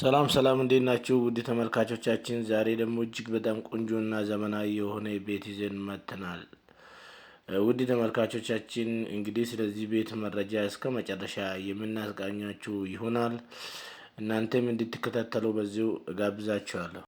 ሰላም ሰላም እንዴት ናችሁ? ውድ ተመልካቾቻችን፣ ዛሬ ደግሞ እጅግ በጣም ቆንጆ እና ዘመናዊ የሆነ ቤት ይዘን መጥተናል። ውድ ተመልካቾቻችን እንግዲህ ስለዚህ ቤት መረጃ እስከ መጨረሻ የምናስቃኛችሁ ይሆናል። እናንተም እንድትከታተሉ በዚሁ እጋብዛችኋለሁ።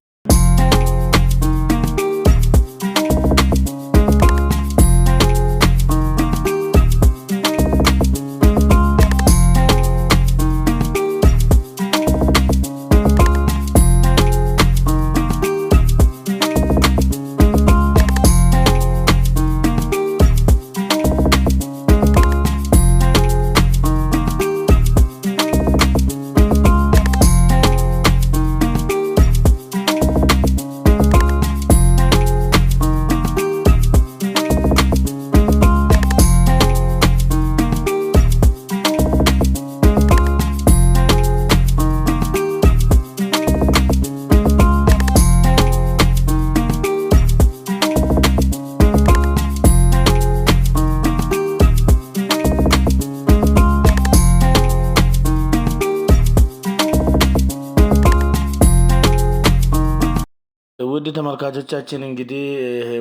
ተመልካቾቻችን እንግዲህ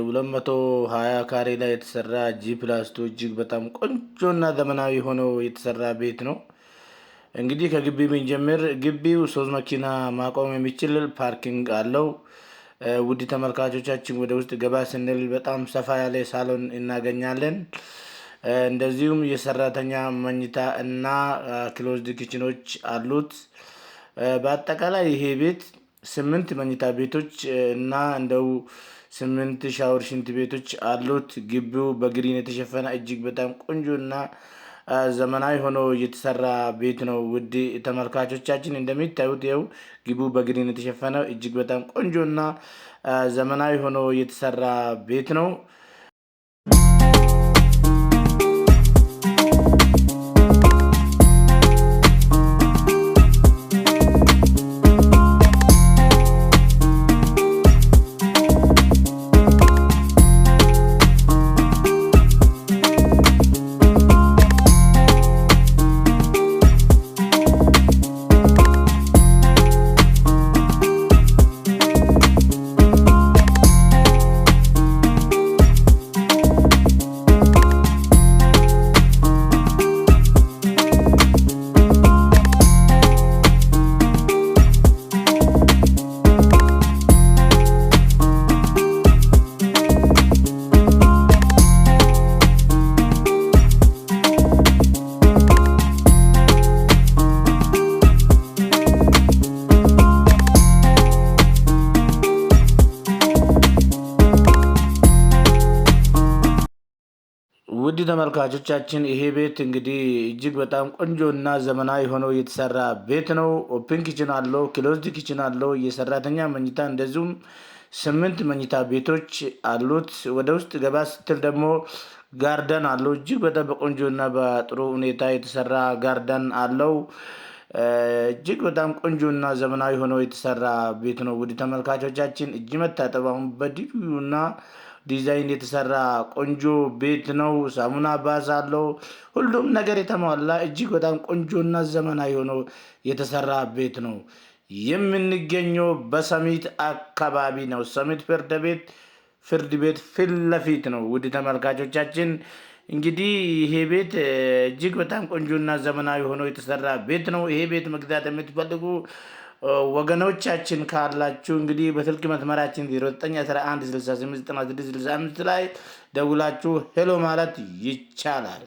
ሁለት መቶ ሀያ ካሬ ላይ የተሰራ ጂ ፕላስቶ እጅግ በጣም ቆንጆና ዘመናዊ ሆኖ የተሰራ ቤት ነው። እንግዲህ ከግቢ ብንጀምር ግቢው ሶስት መኪና ማቆም የሚችል ፓርኪንግ አለው። ውድ ተመልካቾቻችን ወደ ውስጥ ገባ ስንል በጣም ሰፋ ያለ ሳሎን እናገኛለን። እንደዚሁም የሰራተኛ መኝታ እና ክሎዝድ ኪችኖች አሉት። በአጠቃላይ ይሄ ቤት ስምንት መኝታ ቤቶች እና እንደው ስምንት ሻወር ሽንት ቤቶች አሉት። ግቢው በግሪን የተሸፈነ እጅግ በጣም ቆንጆ እና ዘመናዊ ሆኖ የተሰራ ቤት ነው። ውድ ተመልካቾቻችን እንደሚታዩት ይኸው ግቢው በግሪን የተሸፈነ እጅግ በጣም ቆንጆ እና ዘመናዊ ሆኖ የተሰራ ቤት ነው። ውድ ተመልካቾቻችን ይሄ ቤት እንግዲህ እጅግ በጣም ቆንጆ እና ዘመናዊ ሆኖ የተሰራ ቤት ነው። ኦፕን ኪችን አለው፣ ክሎዝድ ኪችን አለው፣ የሰራተኛ መኝታ እንደዚሁም ስምንት መኝታ ቤቶች አሉት። ወደ ውስጥ ገባ ስትል ደግሞ ጋርደን አለው። እጅግ በጣም በቆንጆ እና በጥሩ ሁኔታ የተሰራ ጋርደን አለው። እጅግ በጣም ቆንጆ እና ዘመናዊ ሆኖ የተሰራ ቤት ነው። ውድ ተመልካቾቻችን እጅ መታጠብ አሁን በድዩና ዲዛይን የተሰራ ቆንጆ ቤት ነው። ሳሙና ባዝ አለው። ሁሉም ነገር የተሟላ እጅግ በጣም ቆንጆና ዘመናዊ ሆኖ የተሰራ ቤት ነው። የምንገኘው በሰሚት አካባቢ ነው። ሰሚት ፍርድ ቤት ፍርድ ቤት ፊት ለፊት ነው። ውድ ተመልካቾቻችን እንግዲህ ይሄ ቤት እጅግ በጣም ቆንጆና ዘመናዊ ሆኖ የተሰራ ቤት ነው። ይሄ ቤት መግዛት የምትፈልጉ ወገኖቻችን ካላችሁ እንግዲህ በስልክ መስመራችን 0911 6896 65 ላይ ደውላችሁ ሄሎ ማለት ይቻላል።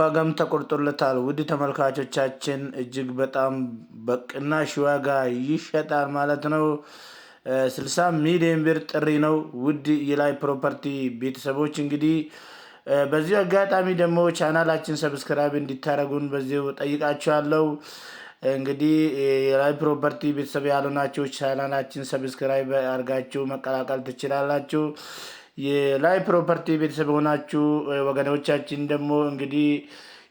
ዋጋም ተቆርጦለታል። ውድ ተመልካቾቻችን እጅግ በጣም በቅናሽ ዋጋ ይሸጣል ማለት ነው። ስልሳ ሚሊዮን ብር ጥሪ ነው። ውድ የላይ ፕሮፐርቲ ቤተሰቦች እንግዲህ በዚሁ አጋጣሚ ደግሞ ቻናላችን ሰብስክራይብ እንዲታረጉን በዚሁ ጠይቃችኋለሁ። እንግዲህ የላይ ፕሮፐርቲ ቤተሰብ ያሉ ናቸው። ቻናላችን ሰብስክራይብ አድርጋችሁ መቀላቀል ትችላላችሁ። የላይ ፕሮፐርቲ ቤተሰብ የሆናችሁ ወገኖቻችን ደግሞ እንግዲህ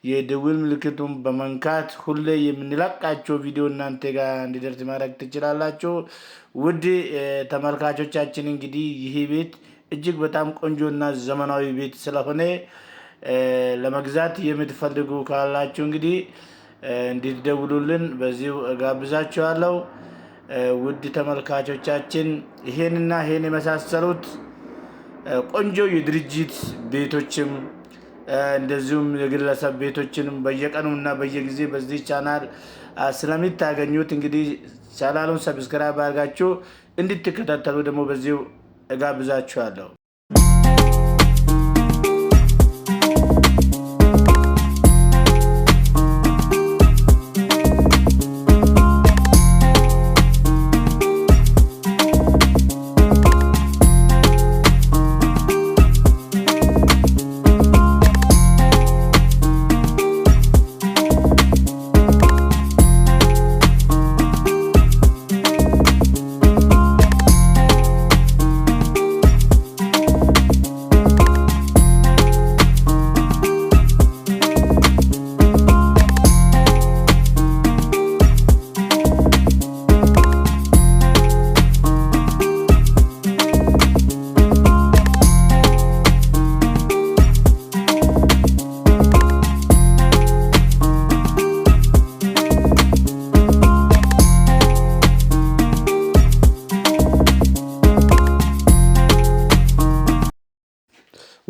የደውል ምልክቱን በመንካት ሁሌ የምንለቃቸው ቪዲዮ እናንተ ጋር እንዲደርስ ማድረግ ትችላላችሁ። ውድ ተመልካቾቻችን እንግዲህ ይህ ቤት እጅግ በጣም ቆንጆና ዘመናዊ ቤት ስለሆነ ለመግዛት የምትፈልጉ ካላችሁ እንግዲህ እንዲደውሉልን በዚሁ ጋብዛችኋለሁ። ውድ ተመልካቾቻችን ይሄንና ይሄን የመሳሰሉት ቆንጆ የድርጅት ቤቶችም እንደዚሁም የግለሰብ ቤቶችንም በየቀኑ እና በየጊዜ በዚህ ቻናል ስለሚታገኙት እንግዲህ ቻናሉን ሰብስክራይብ አድርጋችሁ እንድትከታተሉ ደግሞ በዚሁ እጋብዛችኋለሁ።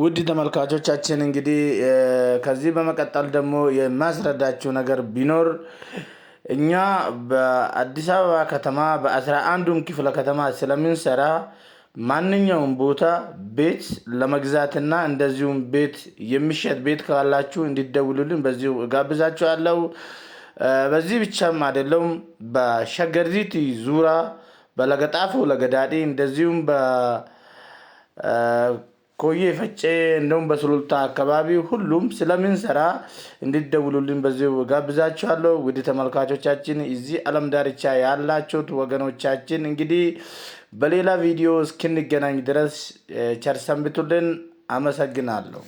ውድ ተመልካቾቻችን እንግዲህ ከዚህ በመቀጠል ደግሞ የማስረዳችው ነገር ቢኖር እኛ በአዲስ አበባ ከተማ በአስራ አንዱም ክፍለ ከተማ ስለምንሰራ ማንኛውም ቦታ ቤት ለመግዛትና እንደዚሁም ቤት የሚሸጥ ቤት ካላችሁ እንዲደውሉልን በዚሁ እጋብዛችኋለሁ። በዚህ ብቻም አይደለም፣ በሸገርዚቲ ዙራ በለገጣፎ ለገዳዲ እንደዚሁም ኮዬ ፈጬ እንደውም በሱሉልታ አካባቢ ሁሉም ስለምንሰራ እንዲደውሉልን በዚሁ ጋብዛችኋለሁ። ውድ ተመልካቾቻችን እዚህ ዓለም ዳርቻ ያላችሁት ወገኖቻችን እንግዲህ በሌላ ቪዲዮ እስክንገናኝ ድረስ ቸር ሰንብቱልን። አመሰግናለሁ።